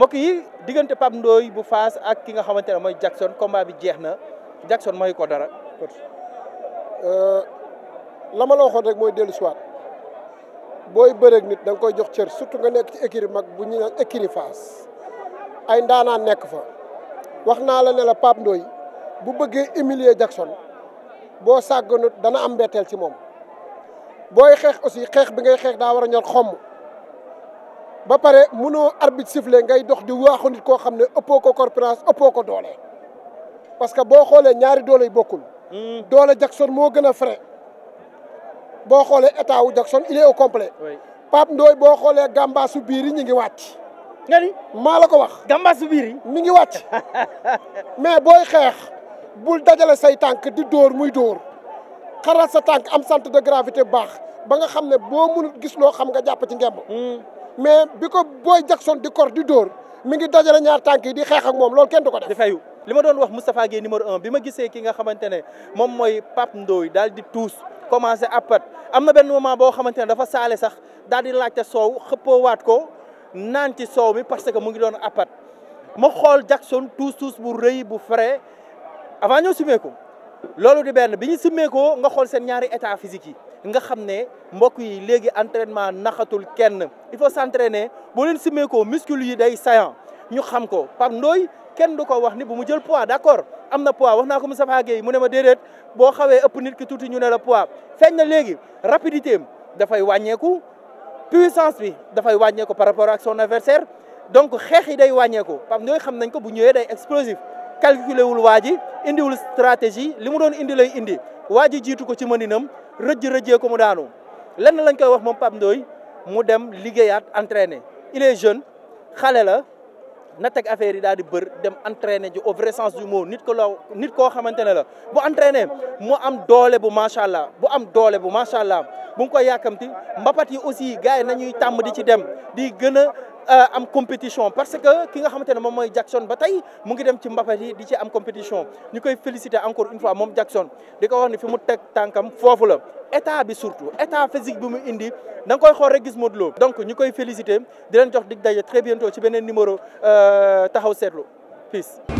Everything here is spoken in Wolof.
mbokk yi diggante Pape Ndoye bu Fass ak ki nga xamante ne mooy Jackson combat bi jeex na Jackson mooy ko dara. Euh, la ma la waxoon rek mooy dellu siwaat booy bëreeg nit da nga koy jox cër surtout nga nekk ci écurie mag bu ñu naan écurie ay ndaanaan nekk fa wax naa la ne la Pape Ndoye bu bëggee humilier Jackson boo sàgganut dana am mbetteel ci moom booy xeex aussi xeex bi ngay xeex daa war a ñor xomm ba pare munoo arbitre sifflé ngay dox di waaxu nit koo xam ne ëppoo ko corpulence ëppoo ko doole parce que boo xoolee ñaari doole yi bokkul. Hmm. doole Jackson moo gën a frais boo xoolee état wu Jackson il est au complet. Pape Ndoye boo xoolee Gamba su biir ñu ngi wàcc. nga maa la ko wax. Gamba su biir mi ngi wàcc mais booy xeex bul dajale say tànk di dóor muy dóor xaral sa tànk am sant de gravité bu baax ba nga xam ne boo mënut gis loo xam nga jàpp ci ngemb. Hmm. mais bi ko Boy Jackson di kor di dóor mi ngi dajale ñaar tànk yi di xeex ak moom loolu kenn du ko def. li ma doon wax Moustapha Guèye numéro un bi ma gisee ki nga xamante ne moom mooy Pape Ndoye daal di tuus commencé apat am na benn moment boo xamante ne dafa saale sax daal di laajte soow xëppoowaat ko naan ci soow mi parce que mu ngi doon apat ma xool Jackson tuus tuus bu rëy bu frais avant ñoo simmee ko loolu di benn bi ñu simmee ko nga xool seen ñaari état physique yi. nga xam ne mbokk yi léegi entraînement naxatul kenn il faut s'entraîner boo leen simee ko yi day saillant ñu xam ko Pape Ndoye kenn du ko wax ni bu mu jël poids d'accord am na poids wax naa ko Moustapha Gueye mu ne ma déedéet boo xawee ëpp nit ki tuuti ñu ne la poids feeñ na léegi rapidité am dafay wàññeeku puissance bi dafay wàññeeku par rapport ak son adversaire donc xeex yi day wàññeeku Pape Ndoye xam nañ ko bu ñëwee day explosif calculé wul waa ji indiwul stratégie li mu doon indi lay indi waa ji jiitu ko ci mëninam rëjj-rëjjee ko mu daanu la lañ koy wax moom Pape Ndoye mu dem liggéeyaat entraîné il est jeune xale la na teg affaire yi daal di bër dem entraîné ji au vrai sens du mot nit ko la nit koo xamante ne la bu entraîné mu am doole bu macha allah bu am doole bu macha allah bu nga koy yàkkamti mbapat yi aussi gars yi nañuy tàmm di ci dem di gën Euh, am compétition parce que ki nga xamante ne moom mooy Jackson ba tey mu ngi dem ci mbapat yi di ci am compétition ñu koy féliciter encore une fois moom Jackson di ko wax ni fi mu teg tànkam foofu la état bi surtout état physique bi mu indi da koy xool gis Modou Lo donc ñu koy féliciter di leen jox dig daje très bientôt ci beneen numéro euh, taxaw seetlu peace